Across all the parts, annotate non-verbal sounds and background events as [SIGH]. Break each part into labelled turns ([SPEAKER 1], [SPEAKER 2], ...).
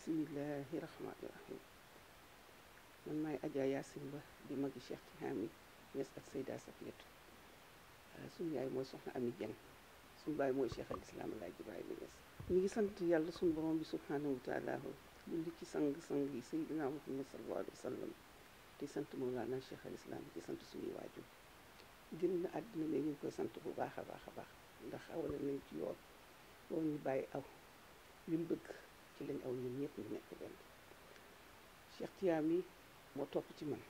[SPEAKER 1] bisimilahi rahmaani rahim man maay Adja Yacine Ba di magi Cheikh Tihami Niass ak Seyda Safiyatu euh, suñu yaay mooy soxna Ami Dieng suñu baay mooy Cheikh al Islam El Hadj Ibrahima Niass ñu ngi sant yàlla suñu borom bi subhaanahu wa taala julli ci sang-sang yi Seydina Muhammad sallallahu alayhi wa sallam di sant Mawlana Cheikh al Islam di sant suñuy waajur génn àddina mais ñu koy sant bu baax a baax a baax ndax awale nañ ci yoon loolu ñu bàyyi aw li bëgg ci aw ñun ñëpp ñu nekk benn Cheikh Thiam moo topp ci man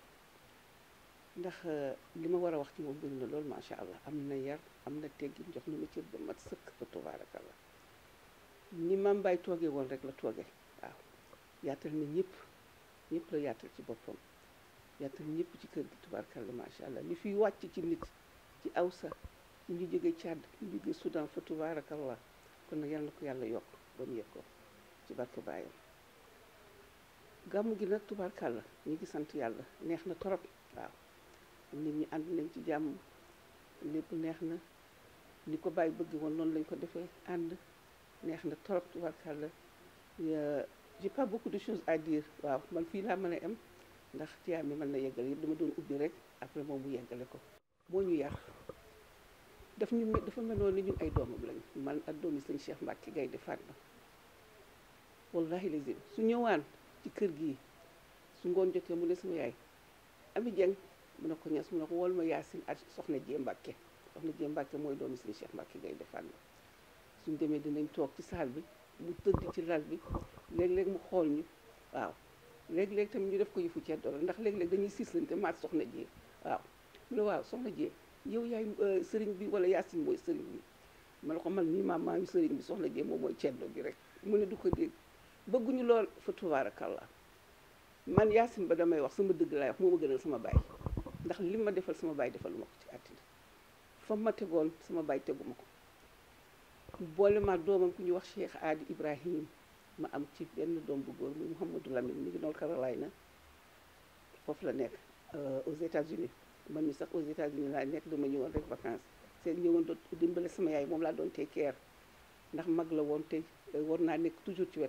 [SPEAKER 1] ndax euh, li ma war a wax ci moom bëri na loolu macha allah am na yar am na teggin jox na ma cër ba sëkk ba tubaarakallah ni ma mbay toogee woon rek la toogee waaw yaatal na ñëpp ñëpp la yaatal ci boppam yaatal ñëpp ci kër gi tubaarakallah macha allah li fiy wàcc ci nit ci awsa ñu jóge Tchad ñu jóge Soudan fa tubaarakallah kon nag yal na ko yàlla yokk ba mu ci barke baayam gàmmu gi nag tubaarkàlla ñu ngi sant yàlla neex na torop waaw nit ñi ànd nañ ci jàmm lépp neex na ni ko bàyyi bëgg woon noonu lañ ko defee ànd neex na torop tubaarkàlla j'ai pas beaucoup de choses à dire waaw man fii laa man a am ndax tiyaa mi mën na yeggale yëpp dama doon ubbi rek après moom mu yeggale ko moo ñu yàq daf ñu dafa meloon ni ñun ay doomam lañ man ak doomi sëñ Cheikh Mbacke Gaynde la wallahi lazim su ñëwaan ci kër gi su ngoon jotee mu ne sama yaay ami jeng mu ne ko ñas mu ne ko wol ma yaasin ak soxna jee mbàkke soxna jee mbàkke mooy doomi sëñ Cheikh Mbàkke ngay defaan la demee dinañ toog ci saal bi mu tëdd ci lal bi léeg-léeg mu xool ñu waaw léeg-léeg tamit ñu def ko yëfu ceeb doole ndax léeg-léeg dañuy siislante maat soxna jee waaw mu ne waaw soxna jee yow yaay euh, sëriñ bi wala yaasin mooy sëriñ bi ma ne ko man mii maam maa ngi sëriñ bi soxna jee moom mooy ceeb gi rek mu ne du ko dégg bëgguñu lool fa tubaarakallah man Yacine ba damay wax suma dëgg laay wax moo ma gënal sama baay ndax li ma defal sama baay defal ma ko ci àddina fa ma tegoon sama baay teguma ko boole ma doomam ku ñu wax Cheikh Adi Ibrahim ma am ci benn doom bu góor muy Mouhamadou Lamine mi ngi North na foofu la nekk euh, aux États-Unis man mi sax aux États-Unis laa nekk dama ñëwoon rek vacances seen ñëwoon doon dimbale sama yaay moom laa doon tey keer ndax mag la woon tey euh, war naa nekk toujours ci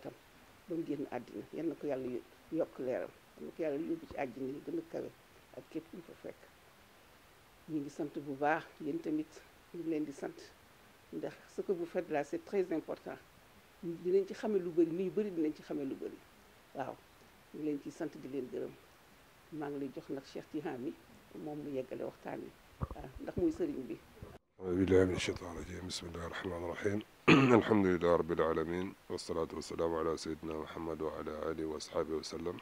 [SPEAKER 1] ba mu génn àddina yal na ko yàlla yokk leeram yal na ko yàlla yóbbu ci àjjina yi gën a kawe ak képp ku fa fekk ñu ngi sant bu baax yéen tamit ñu leen di sant ndax ce que vous faites là c'est très important dinañ ci xame lu bëri ni ñu bëri dinañ ci xame lu bëri waaw ñu leen ci sant di leen gërëm maa ngi lay jox nag Cheikh Tidiane mi moom mu yeggale waxtaan wi waaw ndax muy sëriñ bi.
[SPEAKER 2] auzu billaahi mina shaytaani rajiim bismillaahi rahmaani [CLEARS THROAT] alhamdulilah rabbil alamin wasalaatu wasalaamu ala sayidina muhammad wa ala alihi wa asxaabi wa sallam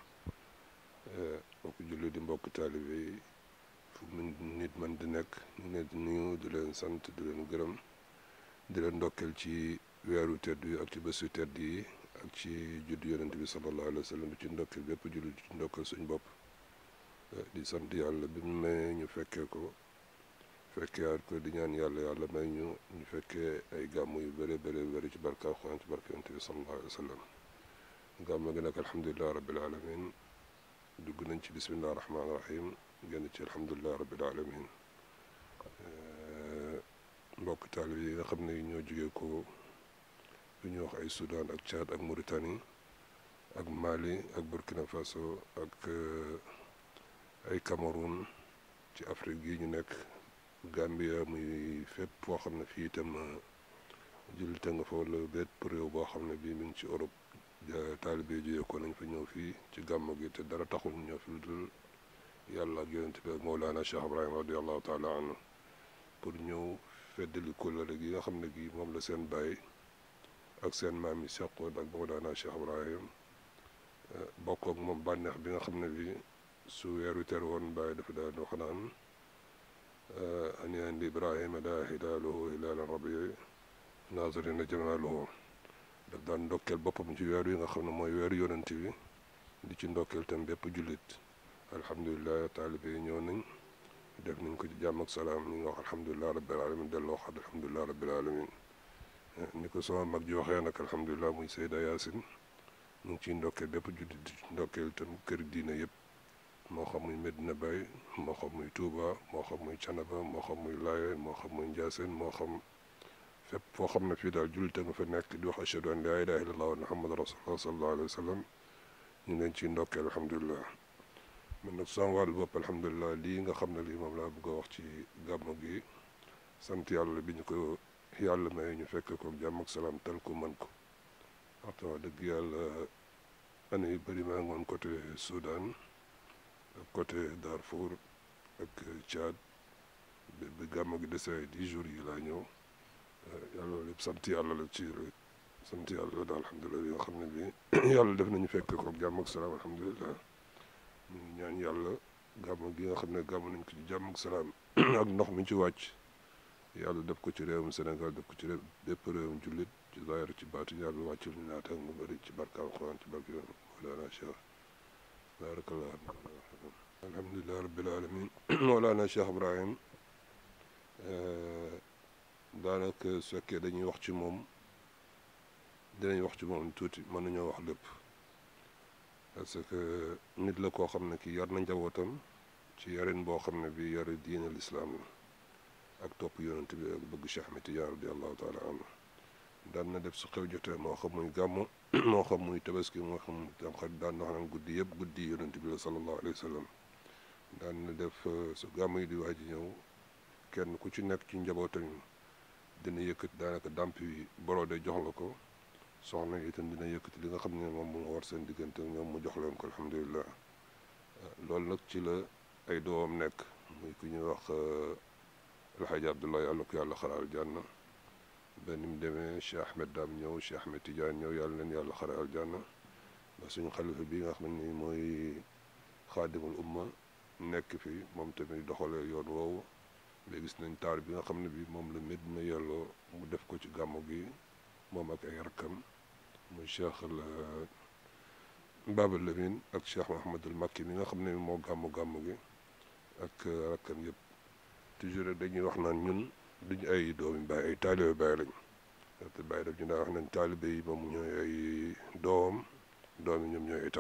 [SPEAKER 2] eh, mbokk julli di mbokk taalibe yi fu mu nit man di nekk ñu ngi leen di nuyu di leen sant di leen gërëm di leen ndokkeel ci weeru tedd yi ak ci bésu tedd yi ak ci judd yonent bi sallallahu alayhi wa sallam di ci ndokkeel bépp julli di ci ndokkeel suñ bopp eh, di sant yàlla bi mu may ñu fekkee ko fekkee at ko di ñaan yàlla yàlla may ñu ñu fekkee ay gàmm yu bëre bëre bëri ci barke alxuraan ci barke yonent bi sallallahu alayhi wa sallam gàmm gi nag alhamdulilah rabbil alamin dugg nañ ci bismillah rahmaani rahim génn ci alhamdulilah rabbil alamin eh, mbokk yi nga xam ne ñoo jógee ko lu ñuy wax ay Soudan ak Tchad ak Mauritanie ak Mali ak Burkina Faso ak eh, ay Cameroun ci Afrique gi ñu nekk Gambia muy fépp foo xam ne fii itam euh, jullite nga fa wala bépp réew boo xam ne bii mi ngi ci Europe taalibe jóge ko nañ fa ñëw fii ci gàmmu gi te dara taxul ñëw fi lu dul yàlla ak yonent bi Mawlaana Cheikh Ibrahima radiyallahu taala anhu pour ñëw feddali kóllëre gi xam ne gi moom la seen baay ak seen maam yi seqoon ak Mawlaana Cheikh Ibrahim euh, bokk ak moom bànneex bi nga xam ne bii su weeru ter woon baay dafa daan wax naan an yandi ibrahima daa xilaaluhu hilaalan rabi naazirina jamaaluhu daf daan ndokkeel boppam ci weer wi nga xam ne mooy weeru yonent bi di ci ndokkeel tam bépp jullit alhamdulilah taalibe yi ñëw nañ def nañ ko ci jàmm ak salaam ñu ngi wax alhamdulilah rabbil alamin delloo waxaat alhamdulilah rabbil alamin eh, ni ko sama mag ji waxee nag alhamdulilah muy Seyda Yaasin ñu ngi ciy ndokkeel bépp jullit di ndokkeel tam kër diine yëpp moo xam muy Medina Baye moo xam muy Touba moo xam muy Canaba moo xam muy Laye moo xam muy Ndiassane moo xam fépp foo xam ne fi daal jullit nga fa nekk di wax ashhadu an laa ilaaha illallah wa muhammadu rasulullah sallallahu alayhi wa sallam ñu ngi leen ciy ndokkee alhamdulilah man nag sama wàllu bopp alhamdulilah nga xam ne lii moom laa bëgg wax ci gàmmu gi sant yàlla bi ñu ko yàlla ma ñu fekk ko jàmm ak salaam tal ko man ko waxta wax dëgg yàlla année yu bëri maa ngi woon côté Darfour ak Tchad bi gàmmu gi desee di jours yi laa ñëw euh, yàlla lépp sant yàlla la ci sant yàlla la daal alhamdulilah yoo xam ne bi [CLEARS THROAT] yàlla def nañu fekk ko jàmm ak salaam alhamdulilah ñu ngi ñaan yàlla gàmmu gi nga xam ne gàmmu nañ ko ci jàmm ak salaam [CLEARS THROAT] ak ndox mi ci wàcc yàlla def ko ci réewum Sénégal def ko ci réew bépp réewum jullit ci zaahir ci baatu yàlla wàccul ñu naata mu bëri ci barka alxuraan ci barke yoon baarakallah alhamdulilah rabbil alamin moolaana Cheikh Ibrahim daanaka su fekkee dañuy wax ci moom dinañ wax ci moom tuuti mën nañoo wax lépp parce que nit la koo xam ne kii yar na njabootam ci yarin boo xam ne bii yare diine lislaam la ak topp yonent bi ak bëgg Cheikh Ahmed Tidiane radiallahu taala anhu daan na def su xew jotee moo xam muy gàmmu [CLEARS THROAT] moo xam muy tabaski moo xam tamxarit daan wax naan guddi yëpp guddi bi la sallallahu alayhi wa sallam daan na def euh, su gàmmu yi di waaj ñëw kenn ku ci nekk ci njabootam dina yëkkati daanaka dàmp yi de jox la ko soxna itam dina yëkkati li nga xam ne moom mu war seen diggante ñoom mu jox leen ko alhamdulilah euh, loolu nag ci la ay doom nekk muy ku ñuy wax euh, El Hadj Abdoulaye yàlla ko yàlla xalaal na ba ni mu demee Cheikh Ahmed Dame ñëw Cheikh Ahmed Tidiane ñëw yàlla leen yàlla xare aljanna ba suñu xalifa bi nga xam ni mooy xaadimul umma nekk fi moom tamit doxalee yoon woow ba gis nañ taar bi nga xam ne bi moom la Medina yelloo mu def ko ci gàmmu gi moom ak ay rakkam muy Cheikh la Baba Lamine ak Cheikh Mahamadul Makki mi nga xam ne moo gàmmu gàmmu gi ak rakkam yëpp toujours dañuy wax ñun duñ ay doomi baay ay taalibe baay lañ te baay daf ñu daa wax nañ taalibe yi moom ñooy ay doom doom yi ñoom ñooy ay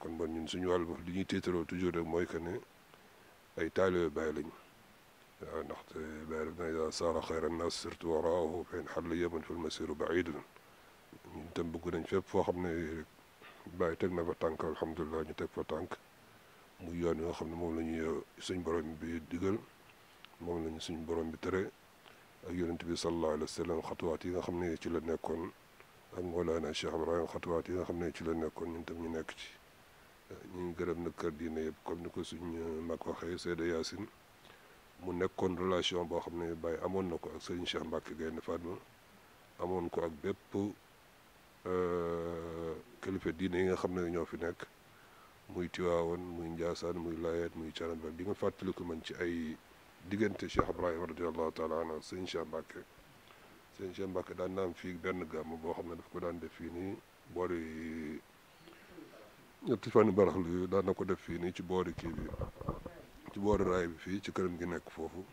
[SPEAKER 2] kon bon ñun suñu wàllu bopp li ñuy tiitaroo toujours rek mooy que ne ay taalibe baay lañ waaw ndaxte baay daf na ida saara xayra nas surtu waraahu fa in xalla yaman fal masiru baidun ñun tam bëgg nañ fépp foo xam ne rek teg na fa tànk alhamdulilah ñu teg fa tànk muy yoon yoo xam ne moom la ñuy suñ borom bi digal moom lañu suñu borom bi tere ak yonent bi sallallahu alayhi wa sallam xatuwaat yi nga xam ne ci la nekkoon ak Mawlana Cheikh Ibrahim xatuwaat yi nga xam ne ci la nekkoon ñun tam ñu nekk ci ñu gërëm na kër diine yëpp comme ni ko suñu mag waxee Seyda Yacine mu nekkoon relation boo xam ne Baye amoon na ko ak Serigne Cheikh Mbacke Gaynde Fatma amoon ko ak bépp euh, kilifa diine yi nga xam ne ñoo fi nekk muy Tiwaawoon muy Njaasaan muy Laayeen muy Canaba bi nga fàttaliku ma ci ay diggante Cheikh Ibrahima radiallahu taala anhu sëñ Cheikh Mbacke sëñ daan na fii benn gàmm boo xam ne daf ko daan def fii nii boori fànn baraxlu yu na ko def fii nii ci boori kii bi ci boori raay bi fii ci këram gi nekk foofu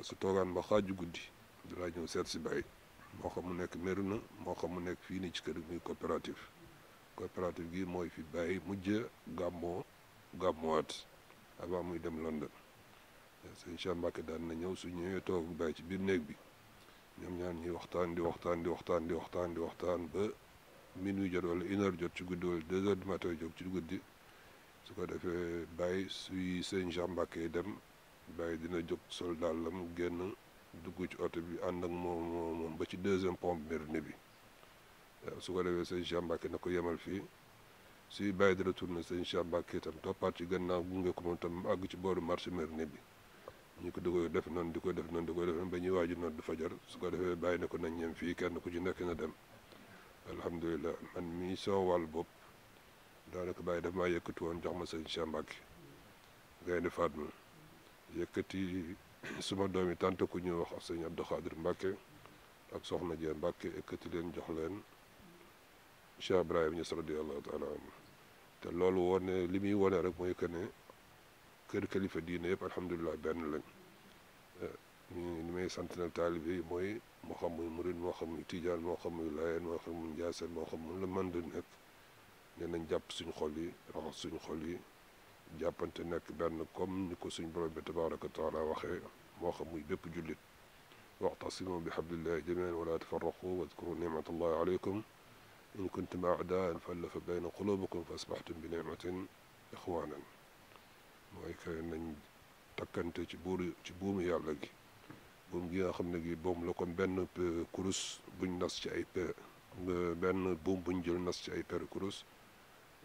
[SPEAKER 2] su toogaan ba xaaju guddi dinaa ñëw seet si bàyyi moo xam mu nekk Mérina moo xam mu nekk fii nii ci kër gi muy coopérative coopérative gi mooy fi bàyyi mujj gàmmoo gàmmuwaat avant muy dem London sëñ Cheikh Mbacke daan na ñëw su ñëwee toog bàyyi ci biir néeg bi ñoom ñaan ñuy waxtaan di waxtaan di waxtaan di waxtaan di waxtaan ba minuit jot wala une heure jot ci guddi wala deux heures du matin jot ci guddi su ko defee bàyyi suy sëñ Cheikh Mbacke dem bàyyi dina jóg sol dàllam génn dugg ci oto bi ànd ak moom ba ci deuxième pompe Médina bi waaw su ko defee sëñ Cheikh Mbacke na ko yemal fii suy bàyyi di na sëñ Cheikh Mbacke itam toppaat ci gannaaw gunge ko moom tam àgg ci booru marché Médina bi. ñu ko dugo def noonu di ko def noonu di ko def noonu ba ñuy waaju noonu du fajar su ko defee bàyyi na ko nañ ñem fii kenn ku ci nekk na dem alhamdulilah man mii soo wàll bopp daanaka bàyyi daf maa yëkkati woon jox ma sëñ Cheikh Mbacke Gaynde Fatma yëkkati suma doom yi tànt ku ñu wax ak sëñ Abdou Khadir ak soxna Jee Mbacke yëkkati leen jox leen Cheikh Ibrahima Niass radiyallahu taala te loolu wone li muy wone rek mooy que kër kilifa diine yëpp alhamdulilah benn lañ eh, ñu may sant na taalibe yi mooy moo xam muy murid moo xam muy tijaan moo xam muy laayeen moo xam muy njaaseen moo xam mun la mën di nekk ne nañ jàpp suñ xol yi raxas suñ xol yi jàppante nekk benn comme ni ko suñ borom bi tabaraka taala waxee moo xam muy bépp jullit waxtasimu bi hablillahi jamian wala tafarraqu wadkuru nicmatallahi aleykum in kuntum aadaan fa allafa bayna qulubikum fa asbaxtum bi nicmatin ixwanan mooy que nañ takkante ci buuru ci buumu yàlla gi buum gi nga xam ne gi boom la comme benn kurus buñ nas ci ay per benn buum buñ jël nas ci ay per kurus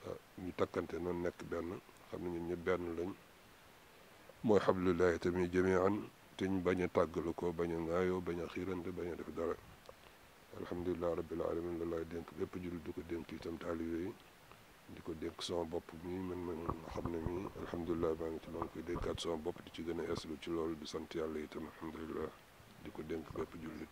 [SPEAKER 2] ah, ñu takkante noonu nekk benn xam ne ñun ñëpp benn lañ mooy xablullahi tamit jamian te ñu bañ a tàggalu ko bañ a ŋaayoo bañ a xiirante bañ a def dara alhamdulilah rabbil alamin la denk dénk lépp jullit du ko dénk tam taalibe yi di ko dénk sama bopp mii man man nga xam ne mii alhamdulilah maa ngi ci maa ngi koy bopp di ci gën a eeslu ci lool di sant yàlla itam alhamdulilah di ko dénk bépp jullit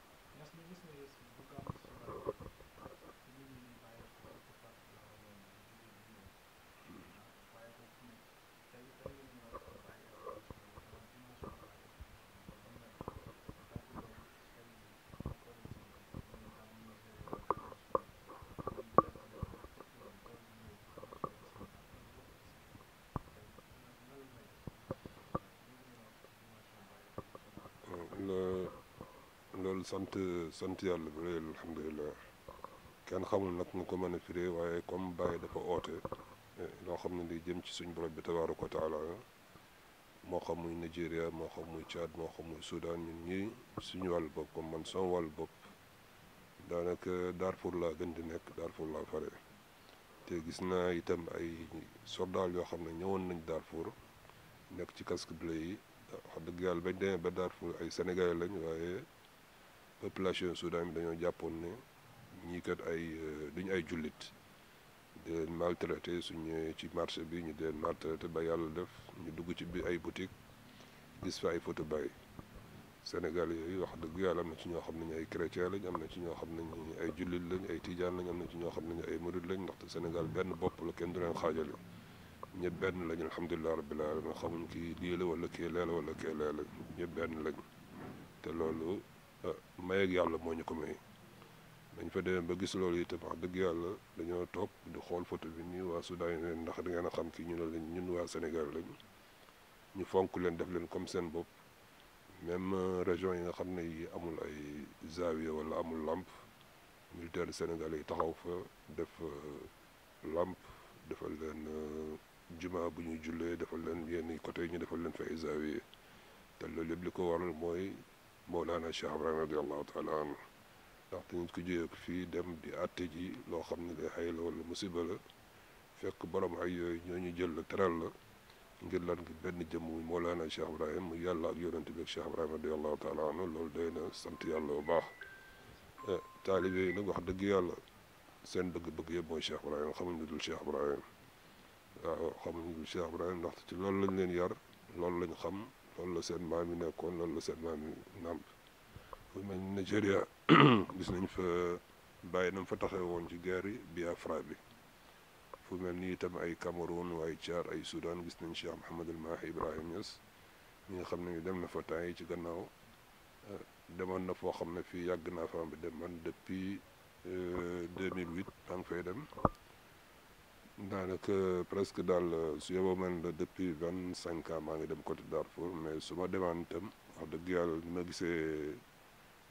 [SPEAKER 2] sant sant yàlla bi réel kenn xamul nag nu ko mën a firee waaye comme Baye dafa oote eh, loo xam ne li jëm ci suñ borom bi tabaaraka wa taala moo xam muy Nigeria moo xam muy Tchad moo xam muy Soudan ñun ñii suñu wàllu bopp comme man sama wal bopp daanaka Darfour laa gën di nekk Darfour laa fare te gis naa itam ay soldaal yoo xam ne ñëwoon nañ Darfour nekk ci casque bleu yi wax dëgg yàlla bañ demee ba Darfour ay Sénégalais lañ waaye. population Soudan bi dañoo jàppoon ne ñii kat ay euh, duñu ay jullit di leen maltraité ci marché bi ñu di leen maltraité ba yàlla def ñu dugg ci biir ay boutique gis fa ay photo Baye Sénégal yooyu wax dëgg yàlla am na ci ñoo xam ne ñu ay chrétien lañ am na ci ñoo xam ne ay jullit lañ ay tijaan lañ na ci ñoo xam ne ay murid lañ ndaxte Sénégal benn bopp la kenn du leen xaajal ñëpp benn lañ alhamdulilah rabbil alamin xamuñ kii lii la wala kii lee la wala kii lee la ñëpp benn lañ te loolu. mayeeg yàlla moo ñu ko may dañ fa demee ba gis loolu yi te wax dëgg yàlla dañoo toog di xool photo bi nii waa Soudan yi ndax da ngeen a xam kii ñu ne lañ ñun waa Sénégal lañ ñu fonk leen def leen comme seen bopp même euh, région yi nga xam ne yi amul ay zawiya walla amul làmp militaire Sénégal yi taxaw fa def euh, làmp defal leen euh, juma bu ñuy jullee defal leen yenn côté yi ñu defal leen fa ay zawiya te loolu yëpp li ko waral mooy Mawlaana Cheikh Ibrahima radiyallahu taala anhu ndaxte nit ku jóge ko fii dem di àtte ji loo xam ne day xay la wala musiba la fekk borom ay yooyu ñoo ñu jël la teral la ngir lan gi benn jëmm muy Mawlaana Cheikh Ibrahima mu yàlla ak yonent bi ak Cheikh Ibrahima radiyallahu taala anhu loolu day na sant yàlla bu baax eh, taalibe yi nag wax dëgg yàlla seen bëgg-bëgg yëpp mooy Cheikh Ibrahima xamuñ lu dul Cheikh Ibrahima waaw xamuñ lu dul Cheikh Ibrahima ndaxte ci loolu lañ leen yar loolu lañ xam loolu la seen maam yi nekkoon loolu la seen maam yi nàmp fu mel ni Nigeria [CLEARS THROAT] gis nañ fa bàyyi na mu fa taxaw woon ci guerre yi Biafra bi fu mel ni itam ay Cameroun waaye Tchad ay Soudan gis nañ Cheikh Mouhamed El Mahi Ibrahim Niass ñi nga xam ne dem na fa temps yi ci gannaaw euh, deman na foo xam ne fii yàgg naa fa am dem man depuis 2008 euh, maa ngi fay dem. daanaka presque daal euh, su yeboo man la depuis vingt cinq ans maa ngi dem côté Darfour mais su ma demaan itam wax dëgg yàlla ni ma gisee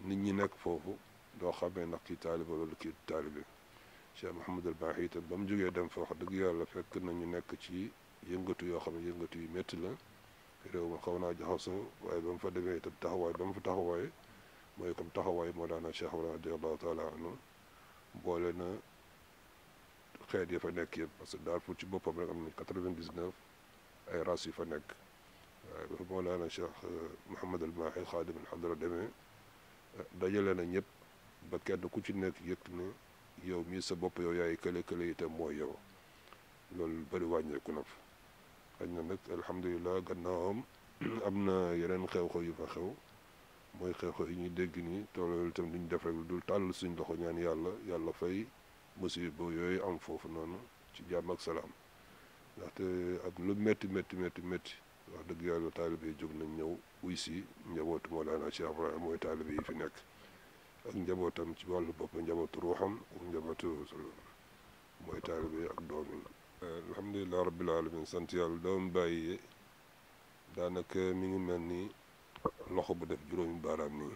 [SPEAKER 2] nit ñi nekk foofu doo xamee ndax kii taaliba loolu kii taalibe Cheikh Mahamadul Baaxi itam ba mu jógee dem fa wax dëgg yàlla fekk nañu nekk ci yëngatu yoo xam ne yëngatu yu métti la réew ma xaw naa jaxasoo waaye ba mu fa demee itam taxawaay ba mu fa taxawaay mooy comme taxawaay moo daana Cheikh wala radiallahu taala anhu boole na xeet yi fa nekk yëpp parce que Darfour ci boppam rek am na quatre-vingt-dix-neuf yu fa nekk waaye Mawlana Cheikh euh, Mouhamad al Mahi Xaadim al Xadra demee euh, dajale na ñëpp ba kenn ku ci nekk yëg ne yow mii sa bopp yow yaay kële kële itam mooy yow loolu bëri wàññeeku na fa xëy na nag alhamdulilah gannaawam [CLEARS THROAT] am na yeneen xew-xew yu fa xew mooy xew-xew yi ñuy dégg nii tool itam duñ def rek lu dul tàll suñ loxo ñaan yàlla yàlla fay. musiba yooyu am foofu noonu ci jàmm ak salaam ndaxte ak lu métti métti métti métti wax dëgg yàlla taalibe yi jóg nañ ñëw wuy si njabootu Mawlana Cheikh Ibrahima mooy taalibe yi fi nekk ak njabootam ci wàllu bopp njabootu ruuxam ak njabootu mooy taalibe yi ak doom yi. alhamdulilah alamin sant yàlla doom bàyyi daanaka mi ngi mel ni loxo bu def juróomi baaraam nii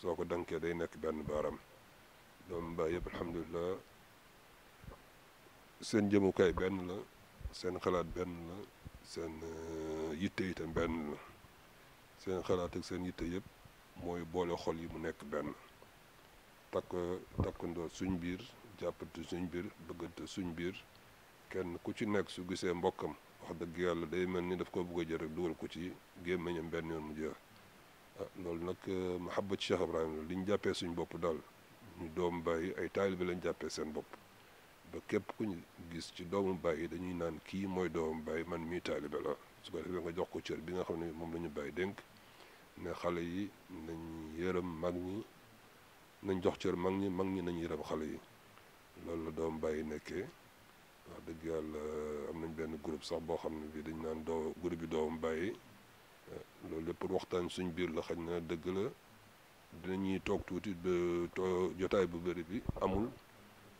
[SPEAKER 2] soo ko dankee day nekk benn baaraam doom bàyyi yëpp alhamdulilah. seen jëmukaay benn la seen xalaat benn la seen euh, yitte itam benn la seen xalaat ak seen yitte yëpp mooy boole xol yi mu nekk benn takk takkandoo suñ biir jàppante suñ biir bëggante suñ biir kenn ku ci nekk su gisee mbokkam wax dëgg yàlla day mel ni daf ko bëgg a jël rek dugal ko ci gémmiñam benn yoon mu jeex ah, loolu nag euh, mahabbat Cheikh Ibrahima li liñ jàppee suñ bopp daal ñu doom bàyyi ay taalibe lañ jàppee seen bopp képp ku ñu gis ci doomu bàyyi dañuy naan kii mooy doomu bàyyi man mii taalibe la su ko defee nga jox ko cër bi nga xam ne moom lañu ñu bàyyi dénk ne xale yi nañ yërëm mag ñi nañ jox cër mag ñi mag ñi nañ yërëm xale yi loolu la doomu bàyyi nekkee wax dëgg yàlla am nañ benn group sax boo xam ne bii dañ naan doo groupe bi doomu bàyyi loolu lépp waxtaan suñ biir la xaj na dëgg la dina dinañuy toog tuuti jotaay bu bari bi amul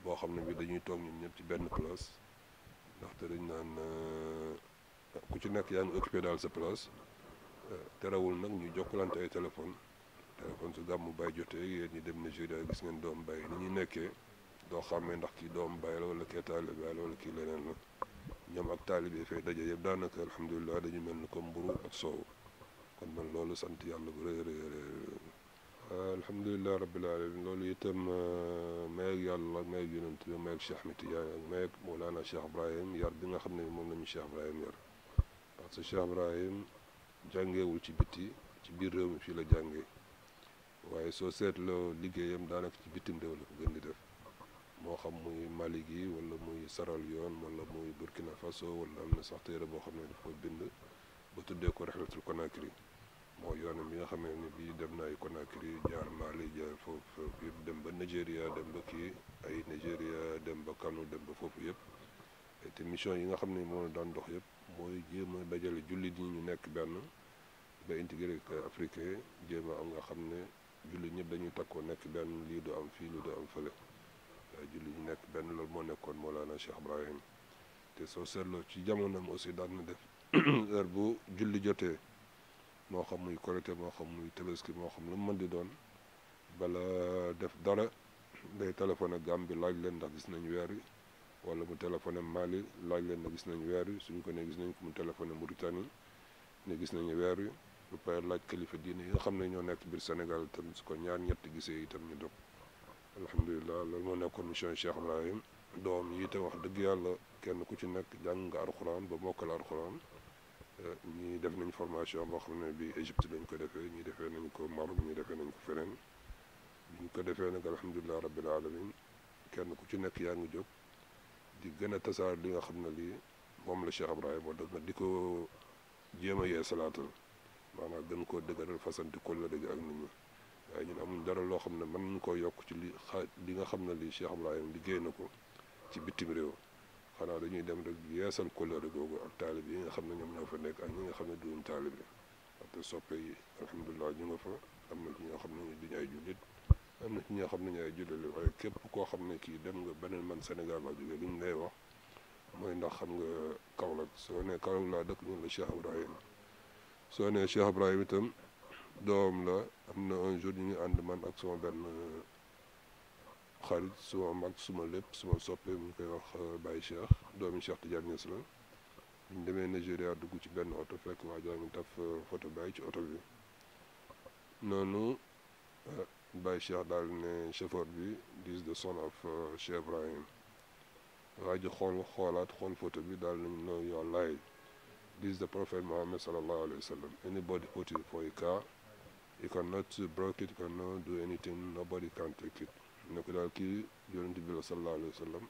[SPEAKER 2] boo xam ne bi dañuy toog ñun ñëpp ci benn place ndaxte dañ naan euh, ku ci nekk yaa ngi occupé daal sa place euh, terewul nag ñu jokkalante ay téléphone téléphone su gàmmu bay jotee yéen ñi dem Nigeria gis ngeen doom bay ni ñuy nekkee doo xàmmee ndax kii doomu bay la wala kee taali bay la wala kii leneen la ñoom ak taalib yi fay daje yëpp daanaka alhamdulilah dañu mel ni comme mburu ak soow kon man loolu sant yàlla bu rëy rëy Euh, alhamdulilah rabbil alamin loolu itam euh, mayeeg yàlla ak mayeeg yonent bi mayeeg Cheikh Ahmed Tidiane ak mayeeg Mawlana Cheikh Ibrahim yar bi xam ne moom lañu Cheikh Ibrahim yar parce que Cheikh Ibrahim jàngeewul ci bitti ci biir réew mi fii la jàngee waaye soo seetloo liggéeyam daanaka ci bitim réew la ko di def moo xam muy Mali gi wala muy saral yoon wala muy Burkina Faso wala am na sax téere boo xam ne daf ko bind ba tuddee ko Rihlatul Conakry mooy yoonam yi nga xam ne bii dem na ay Conakry jaar Mali jaar foofu yëpp dem ba Nigéria dem ba kii ay Nigéria dem ba Kano dem ba foofu yëpp te mission yi nga xam ne moo daan dox yëpp mooy jéem a dajale jullit yi ñu nekk benn ba intégré africain jéem am nga xam ne jullit ñëpp dañuy takkoo nekk benn lii du am fii lii du am fële nekk benn loolu moo nekkoon Mawlana Cheikh Ibrahim te soo seetloo ci jamonoom aussi daan na def [CLEARS THROAT] heure bu julli jotee. moo xam muy korité moo xam muy tabaski moo xam lu mu mën di doon bala def dara day téléphoné Gambie laaj leen ndax gis nañu weer wi wala mu téléphoné Mali laaj leen ndax gis nañu weer wi suñu ko ne gis nañ ko mu téléphoné Mauritanie ne gis nañu weer wi ba pare laaj kilifa diine yi nga xam ne ñoo nekk biir Sénégal tam su ko ñaar ñett gisee itam ñu dog alhamdulilah loolu moo nekkoon mission Cheikh Ibrahim doom yi te wax dëgg yàlla kenn ku ci nekk jàng nga alxuraan ba mokkal Euh, ñii def nañ formation boo xam ne bi Égypte lañ ko defee ñii defee nañ ko Maroc ñii defee nañ ko feneen ñu ko defee nag alhamdulilah rabbil alamin kenn ku ci nekk yaa ngi jóg di gën a tasaar li nga xam ne lii moom la Cheikh Ibrahima moo def nag di ko jéem a yee salaatal maanaam gën koo dëgëral fasanti kolla dëgg ak nit ñi ñun amuñ dara loo xam ne mën nañ koo yokk ci li li nga xam ne lii Cheikh Ibrahima liggéey na ko ci bitim réew xanaa dañuy dem rek yeesal kóllëre googu ak taalib yi nga xam ne ñoom ñoo fa nekk ak ñi xam ne du taalib yi te soppe yi ñu nga fa am na ci xam ne duñu ay jullit am na xam ne ñu ay jullit la waaye képp koo xam ne kii dem nga beneen man Sénégal laa jógee li ñu wax mooy ndax xam nga Kaolack soo nee Kaolack laa dëkk ñun la Cheikh Ibrahima soo nee Cheikh Ibrahima itam doom la am na un jour ñu ngi ànd man ak soo benn xarit suma mag suma lépp suma soppee mu koy wax euh, Baye Cheikh doomi Cheikh Tidiane Niass la ñu demee Nigeria dugg ci benn oto fekk waa jaa ngi taf euh, photo ci oto bi noonu euh, Baye Cheikh daal ne chauffeur bi dis the son of Cheikh Ibrahim waa xoolaat xool photo bi daal nañ no your lie dis the prophet Muhammad sallallahu alayhi wa sallam anybody put it for a car you cannot uh, break it you cannot do anything nobody can take it ne ko daal kii yonent bi la sallallahu alayhi wa sallam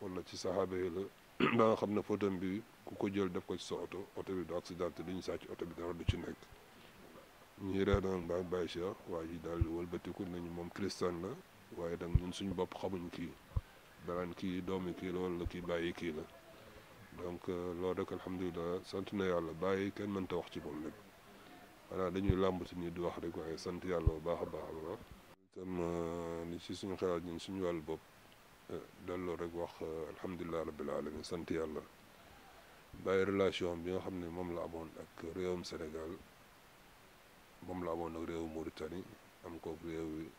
[SPEAKER 2] wala ci saxaaba yi la [CLEARS THROAT] ba xam ne photom bi ku ko jël def ko ci sa oto oto bi du accidenté li ñu sàcc oto bi dara du ci nekk ñuy reedaan a bàyyi cheikh waa yi daal di wëlbatiku nañu moom christian la waaye nag ñun suñu bopp xamuñ kii danaan kii doomi kii la wala kii bàyyi kii la donc euh, loolu rek alhamdulilah sant na yàlla bàyyi kenn mënta wax ci moom lépp xanaa dañuy làmbati nii di wax rek waaye sant yàlla bu baax a baax a la tam li euh, ci suñu xalaat ñun suñu wàllu bopp euh, delloo rek wax euh, alhamdulilah rabbil alamin sant yàlla bàyyi relation bi nga xam ne moom la amoon ak réewum Sénégal moom la amoon ak réewu Mauritanie am ko réew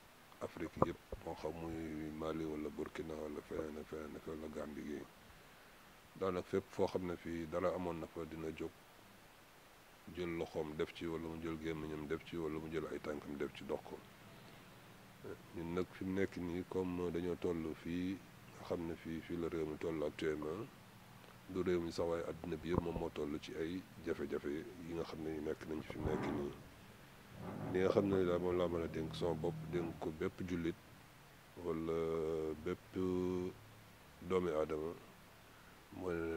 [SPEAKER 2] Afrique yëpp moo xam muy Mali wala Burkina wala feneen feneen wala Gambie gi nag fépp foo xam ne fii dara amoon na fa dina jóg jël loxoom def ci wala mu jël gémmiñam def ci wala mu jël ay tànkam def ci dox ko ñun nag fi mu nekk nii comme dañoo toll fii nga xam ne fii fii la réew mi toll actuellement du réew mi sax waaye àddina bi yëpp moom moo toll ci ay jafe-jafe yi nga xam ne ñu nekk nañ ci fi mu nekk nii li nga xam ne daal moom laa mën a dénk sama bopp dénk ko bépp jullit wala bépp doomi aadama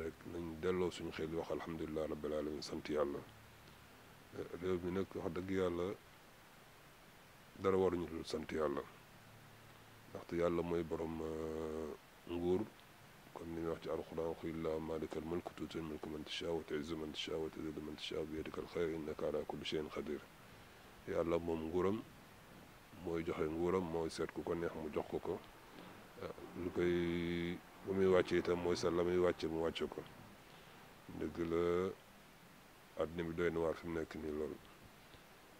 [SPEAKER 2] rek nañ delloo suñu xel wax alhamdulilah rabbil alamin sant yàlla eh, réew mi nag wax dëgg yàlla dara ñu lu sant yàlla ndaxte yàlla mooy borom euh, nguur kon ni ñu wax ci alquran qul illahumma maalikal mulk tuutil mulka man tashaa wa tu'izzu man tashaa wa tadhillu man tashaa bi yadikal xayr innaka ala kulli shay'in qadir yàlla moom nguuram mooy joxe nguuram mooy seet ku ko neex mu jox ko ko lu koy bu muy wàcce mooy seet la muy wàcce mu wàcce ko dëgg la àddina bi waar fi mu nekk nii loolu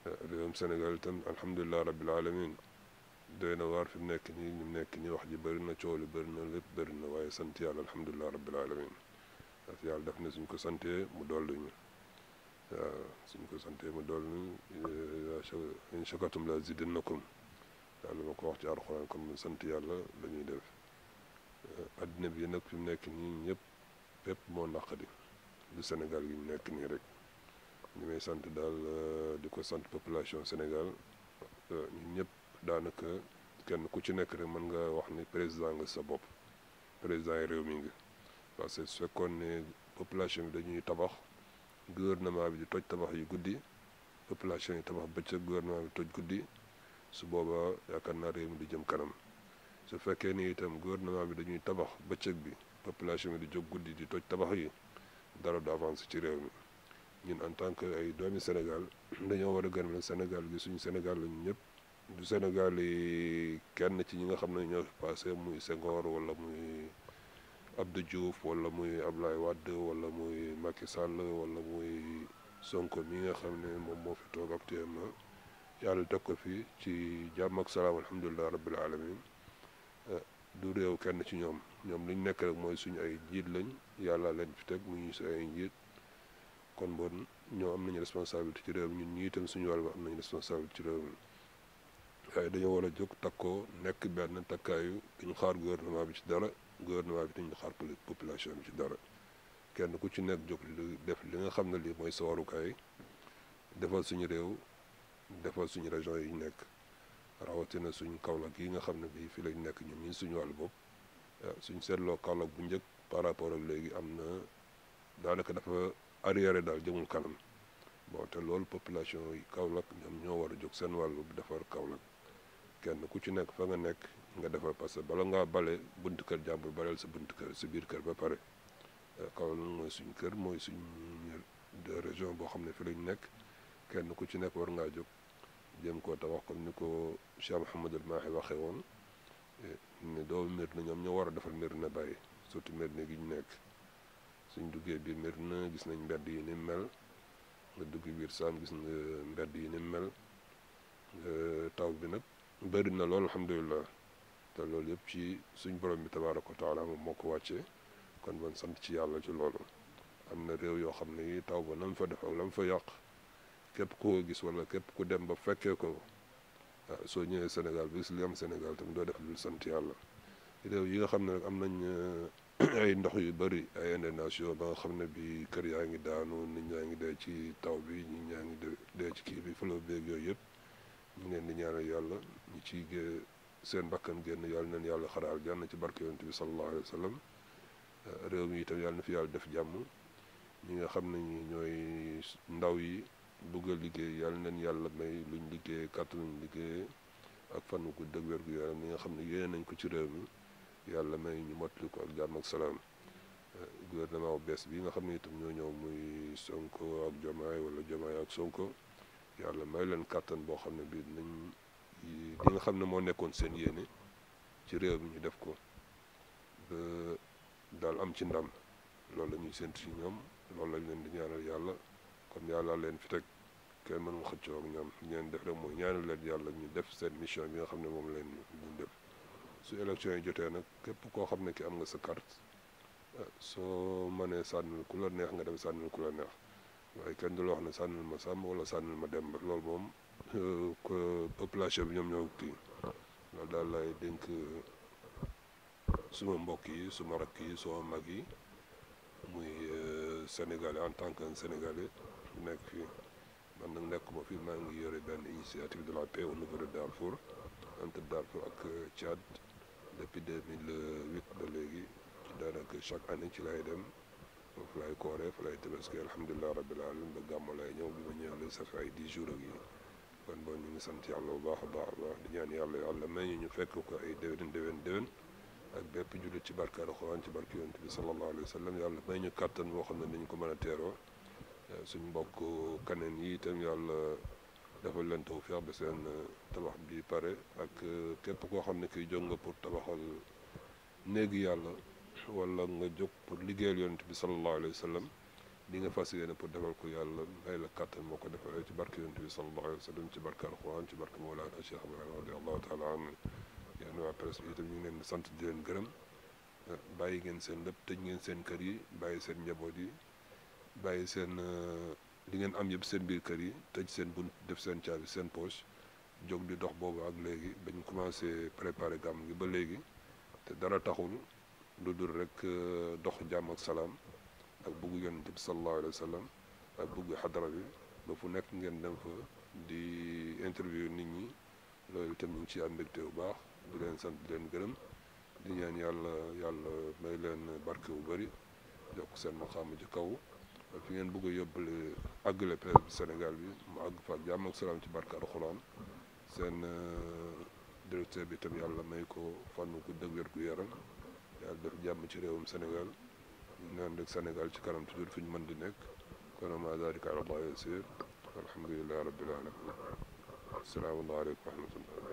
[SPEAKER 2] réewum Sénégal itam alhamdulilah rabbil alamin doy na waar fi mu nekk nii ñu nekk nii wax ji bëri na coow li bëri lépp bëri na waaye sant yàlla alhamdulilah rabbil alamin parce que yàlla def na suñ ko santee mu dolli ñu waaw suñ ko santee mu dolli ñu in shakartum la zidannakum yàlla ma ko wax ci alxuraan kon sant yàlla la ñuy def addina bi nag fi mu nekk nii ñëpp bépp naqadi lu Sénégal gi ñu nekk nii rek ñu may sant daal euh, di ko sant population Sénégal euh, ñun ñëpp daanaka kenn ku ci nekk rek mën nga wax ni président nga sa bopp président yi réew mi ngi parce que su fekkoon ne population bi dañuy tabax gouvernement bi di toj tabax yu guddi population yi tabax bëccëg gouvernement bi toj guddi su boobaa yaakaar naa réew mi di jëm kanam su fekkee ni itam gouvernement bi dañuy tabax bëccëg bi population bi di jóg guddi di toj tabax yi dara du avancé ci réew mi. ñun en tant que ay doomi Sénégal [CLEARS THROAT] dañoo war a gën a Sénégal gi suñu senegal lañu ñëpp du Sénégal yi kenn ci ñi nga xam ne ñoo passé muy Senghor wala muy Abdou Diouf wala muy Ablaye Wade wala muy Macky Sall wala muy Sonko mi nga xam ne moom moo fi toog actuellement yàlla teg ko fi ci jàmm ak salaam alhamdulilah rabbil alamin eh, du réew kenn ci ñoom ñoom liñ nekk rek mooy suñu ay njiit lañ yàlla leen fi teg mu ñu si ay njiit kon boon ñoo am nañu responsabilité ci réew ñun ñii suñu wàll am nañu responsabilité ci réew mi waaye dañoo war a jóg takkoo nekk benn takkaayu duñu xaar gouvernement bi ci dara gouvernement bi dañu xaar population bi ci dara kenn ku ci nekk jóg lu def li nga xam ne lii mooy sa warukaay defal suñu réew defal suñu région yi nekk rawatina suñu Kaolack yi nga xam ne bii fii lañ nekk ñun ñii suñu wàll bopp suñ seetloo Kaolack bu njëkk par rapport ak léegi am na daanaka dafa arrière daal jëmul kanam bon te loolu population yi Kaolack ñoom ñoo war a jóg seen wàllu defar Kaolack kenn ku ci nekk fa nga nekk nga defar parce que bala ngaa bale buntu kër jàmbur baleel sa buntu kër si biir kër ba pare euh, Kaolack mooy suñu kër mooy suñu de région boo xam ne fi lañu nekk kenn ku ci nekk war ngaa jóg jëm koo wax comme ni ko Cheikh Mouhamadul Mahi waxee woon eh, ne doomu mbir na ñoom ñoo war a defar mbir na bàyyi surtout mbir na gi ñu nekk. suñ duggee biir na gis nañ mbedd yi ni mel nga dugg biir Saam gis mbedd yi ni mel taw bi nag bëri na lool alhamdulilah te loolu yëpp ci suñ borom bi tabaaraka wa taala moo ko wàccee kon man sant ci yàlla ci loolu am na réew yoo xam ne taw ba nam fa def ak lam fa yàq képp koo gis wala képp ku dem ba fekkee ko waaw ah, soo ñëwee Sénégal bi gis li am Sénégal mu doo def lu sant yàlla réew yi nga xam ne rek am nañ euh, [COUGHS] ay ndox yu bëri ay inondation ba nga xam ne bi kër yaa ngi daanu nit ñaa ngi dee ci taw bi nit ñaa ngi dee ci kii bi falo beeg yooyu yëpp ñu ngeen di ñaanal yàlla ñu ci seen bakkan génn yàlla neen yàlla xaraal jànn ci barke yonent bi sallallahu alayhi wa sallam euh, réew mi itam yàlla na fi yàlla def jàmm ñi nga xam ne ñooy ndaw yi bëgg liggéey yàlla neen yàlla may luñ liggéey kàtt luñ liggéey ak fan gu dëg wér gu yaram li nga xam ne yéene nañ ko ci réew mi yàlla may ñu mottali ko ak jàmm ak salaam euh, gouvernement bu bees bi nga xam ne itam ñoo ñëw muy Sonko ak Diomaye wala Diomaye ak Sonko yàlla may leen kàttan boo xam ne bii nañ li nga xam ne moo nekkoon seen yéene ci mi ñu def ko ba am ci ndam loolu la ñuy ci ñoom loolu lañ leen di ñaanal yàlla comme yàlla leen fi teg kenn mënul xëccoo ak ñoom ñeen def rek mooy ñaanal leen yàlla ñu def seen mission nga xam ne moom leen ñu def su élection yi jotee nag képp koo xam ne ki am nga sa carte ah, soo mënee sànnil ku la neex nga dem sànnil ku la neex waaye kenn du loo wax ne sànnil ma sàmm wala sànnil ma dem ba loolu moom que population bi ñoom ñoo kii loolu daal lay dénk suma mbokk yi suma rakk yi suma mag yi muy euh, sénégalais en tant que sénégalais nekk fii man nag nekkuma fii maa ngi yore benn initiative de la paix au niveau de Darfour entre Darfour ak euh, Tchad depuis 2008 ba léegi ci daanaka chaque année ci lay dem foofu lay kooree fa lay tabaski alhamdulilah rabbil alamin ba gàmmu lay ñëw bi ma ñëwee ça fait ay dix jours ak yi kon bon ñu ngi sant yàlla bu baax a baax a baax di ñaan yàlla yàlla may ñu ñu fekk ko ay déwén déwén déwén ak bépp jullit ci barke alxuraan ci barke yonent bi sallallahu alayhi wa sallam yàlla may ñu kàttan boo xam ne dañ ko mën a teeroo suñ mbokk kaneen yi itam yàlla. defal leen tawfeex bi seen euh, tabax bi pare ak euh, képp koo xam ne kiy jóg nga pour tabaxal néegi yàlla wala nga jóg pour liggéeyal yonent bi sallallahu alayhi wa sallam li nga fas yéene pour defal ko yàlla lay la kàttan moo ko defal ci barke yonent bi sallallahu alayhi wa sallam ci barke alquran ci barke Mawlana Cheikh Ibrahima radiyallahu taala anhu yéen waa presse bi tam ñu ngi leen sant di leen gërëm euh, bàyyi ngeen seen lëpp tëj ngeen seen kër yi bàyyi seen njaboot yi bàyyi seen di ngeen am yëpp seen biir kër yi tëj seen bunt def seen caabi seen poche jóg di dox boobu ak léegi bañ commencé préparer gàmm gi ba léegi te dara taxul du dul rek euh, dox jàmm ak salaam ak bëgg yonent bi sallallahu alayhi wa sallam ak bëgg xadara bi ba fu nekk ngeen dem fa di interview nit ñi loolu itam ñu ngi ciy am mbégte bu baax di leen sant di leen gërëm di ñaan yàlla yàlla may leen barke bu bëri yokk seen maqaama ci kaw. fi ngeen bëgg a yóbbale àggale presse bi Sénégal bi mu àgg fa ak jàmm ak ci barke alxuraan seen euh, directeur bi tam yàlla may ko fànn ku dëg wér gu yaram yàlla def jàmm ci réewum senegal ñu naan rek ci kanam toujours fi ñu mën di nekk kono ma daalika ala llahi yasiir alhamdulillahi rabbil alamin assalaamu aleykum wa rahmatullah